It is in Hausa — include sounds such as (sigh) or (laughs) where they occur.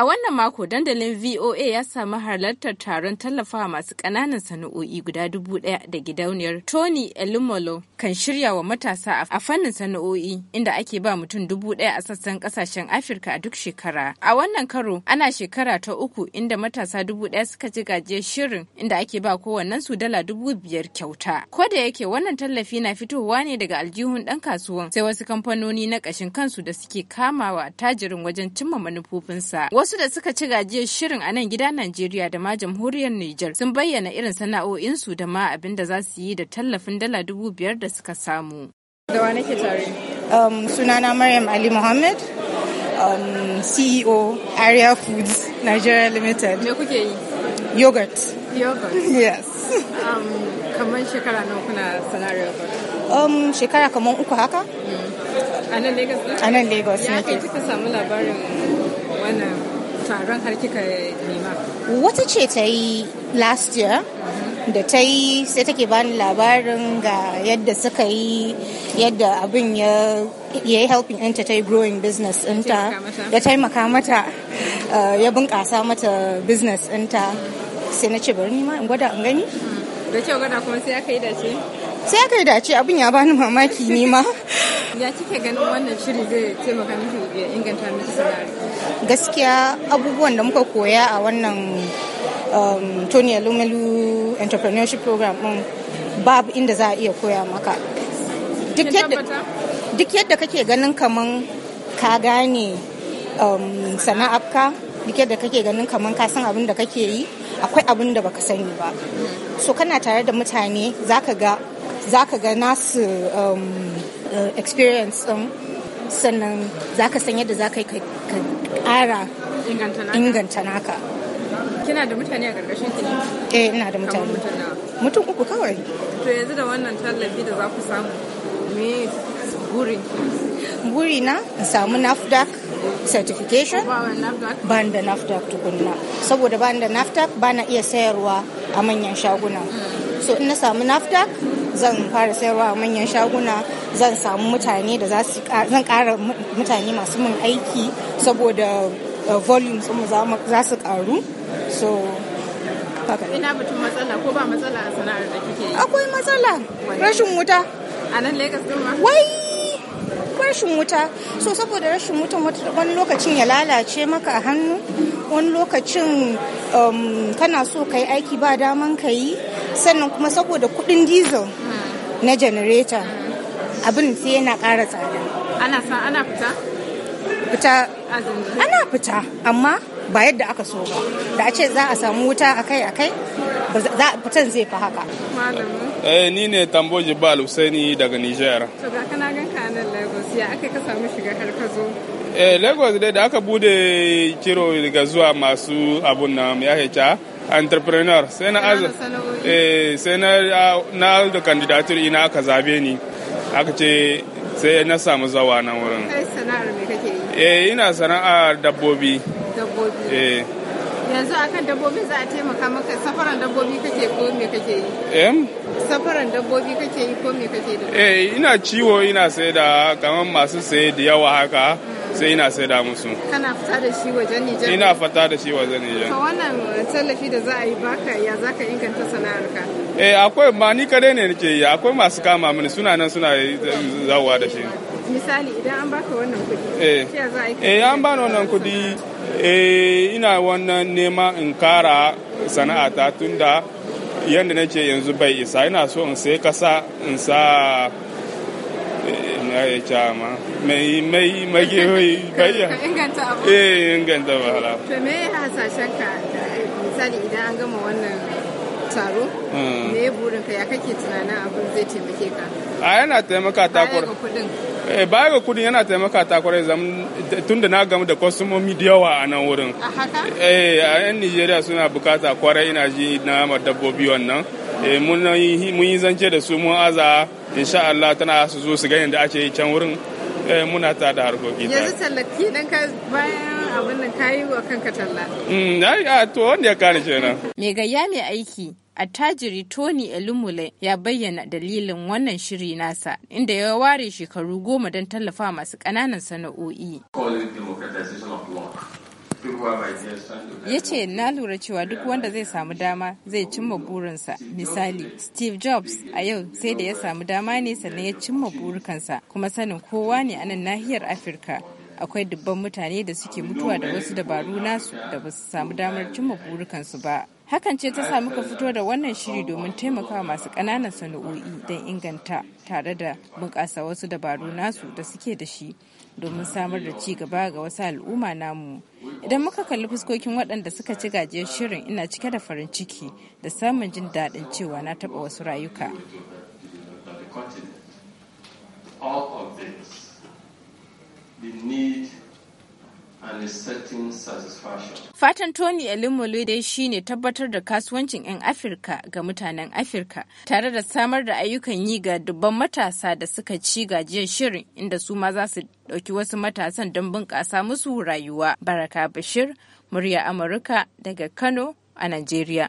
A wannan mako dandalin VOA ya sami halartar taron tallafawa masu ƙananan sana'o'i guda dubu ɗaya da gidauniyar Tony Elumolo kan shirya wa matasa a fannin sana'o'i inda ake ba mutum dubu ɗaya a sassan ƙasashen Afirka a duk shekara. A wannan karo ana shekara ta uku inda matasa dubu ɗaya suka ji gaje shirin inda ake ba kowannen su dala dubu biyar kyauta. Ko da yake wannan tallafi na fitowa ne daga aljihun ɗan kasuwan sai wasu kamfanoni na ƙashin kansu da suke kamawa tajirin wajen cimma manufofinsa. Wasu Wasu da suka ci gajiyar shirin a nan gida Najeriya da ma jamhuriyar Nijar sun bayyana irin sana'o'insu da ma abin da za su yi da tallafin dala dubu biyar da suka samu. Da wa nake tare? Um, sunana Maryam Ali mohammed um, CEO Area Foods Nigeria Limited. Me kuke yi? Yogurt. Yogurt? Yes. Um, kamar shekara nawa kuna sanar yogurt? Um, shekara kamar uku haka. Mm. A nan Lagos? A nan Lagos. Ya kai kika samu labarin wannan taron har kika nema wata ce ta yi last year mm-hmm. da ta yi sai take bani labarin ga yadda suka yi yadda abin ya yi helping ɗinta ta yi growing business ɗinta ya taimaka mata uh, ya bunƙasa mata business ɗinta sai na ce bari ma in gwada in gani mm-hmm. da kyau gwada kuma sai aka yi dace sai aka yi dace abin ya bani mamaki ma. ya kike ganin wannan shiri zai taimaka miki ya inganta miki sana'ar gaskiya abubuwan da muka koya a wannan um, Tony Alumelu entrepreneurship program um, babu inda za a iya koya maka duk yadda kake ganin kaman ka gane um, sana'arka duk yadda kake ganin kaman ka san abin da kake yi akwai abin da baka sani ba so kana tare da mutane zaka ga za ka ga nasu um, uh, experience ɗin sannan za ka san yadda za ka ƙara inganta naka kina da mutane a ƙarƙashin ki eh ina da mutane mutum uku kawai to yanzu da wannan tallafi da za ku samu me burin buri na in samu nafdac certification ban da nafdac tukunna saboda ban da nafdac ba na iya sayarwa a manyan shaguna mm. so in na samu nafdac zan fara sayarwa a manyan shaguna zan samu mutane da za su zan kara mutane masu mun aiki saboda eh, volume su za su karu so ina batun matsala ko ba matsala a sana'ar da kike yi akwai matsala rashin wuta a nan Lagos din ma wai rashin wuta so saboda rashin wuta wani lokacin ya lalace maka a hannu wani lokacin um, kana so ka yi aiki ba daman ka yi sannan kuma saboda kudin diesel na janareta abin sai yana ƙara tsada ana sa ana fita fita ana fita amma ba yadda aka so ba da a ce za a samu wuta akai akai za a fitan zai fi haka eh ni ne tamboji ba husaini daga niger to ga kana gan ka nan lagos ya aka ka samu shiga har ka zo eh lagos dai da aka bude kiro daga zuwa masu abun nan ya hecha entrepreneur sai na eh, sai na da candidatur ina aka zabe ni aka ce sai na samu zawa nan wurin kai sana'ar me kake yi eh ina sana'ar dabbobi dabbobi eh yanzu akan dabbobi za a taimaka maka safaran dabbobi kake ko me kake yi em safaran dabbobi kake yi ko me kake yi eh ina ciwo ina sai da kamar masu saye da yawa haka mm. sai ina sai da musu kana fita da shi wajen Nijar ina fita da shi wajen Nijar to wannan tallafi da za a yi baka ya zaka inganta sana'arka eh akwai ma ni kare ne nake yi akwai masu kama mini suna nan suna zawa da shi misali idan an baka wannan kuɗi eh za a yi eh an bani wannan kuɗi eh ina wannan nema in kara sana'ata tunda yadda nake yanzu bai isa ina so in sai kasa in sa (laughs) ya ca cama mai mai mage bayya inganta abu eh inganta wahala to me hasashen ka misali idan an gama wannan taro me burin ka ya kake tunanin abin zai taimake ka a yana taimaka ta eh baya ga kudin yana taimaka ta kwarai zam tunda na gamu da kwastomomi da yawa a nan wurin a haka eh a yan Nigeria suna bukata kwarai ina ji na dabbobi wannan Eh, mun yi zance da su mun aza insha Allah tana su zo su ganin da ake can wurin eh, muna ta da harkoki ta yanzu tallaki dan ka bayan abin nan kayi wa kanka talla mm, a to wanda ya kare kenan me gayya mai aiki attajiri Tony Elumule ya bayyana dalilin wannan shiri nasa inda ya ware shekaru goma don tallafa masu ƙananan sana'o'i. ya ce na lura cewa duk wanda zai samu dama zai cimma burinsa misali steve jobs a yau sai da ya samu dama ne sannan ya cimma burukansa kuma sanin kowa ne a nan nahiyar afirka akwai dubban mutane da suke mutuwa da wasu dabaru nasu da ba su samu damar cimma burukansu ba Hakan ce ta sa muka fito da wannan shiri domin taimakawa masu ƙananan sana'o'i don inganta tare da bunƙasa wasu dabaru nasu da suke da shi domin samar da ci gaba ga wasu al'umma namu. Idan muka kalli fuskokin waɗanda suka ci gajiyar shirin ina cike da farin ciki da samun jin daɗin cewa na taɓa wasu rayuka. the Fatan Tony Elimolu dai ne tabbatar da kasuwancin 'yan Afirka ga mutanen Afirka tare da samar da ayyukan yi ga dubban matasa da suka ci gajiyar shirin inda su ma za su ɗauki wasu matasan don bunƙasa musu rayuwa. Baraka Bashir, murya Amurka daga Kano a Najeriya.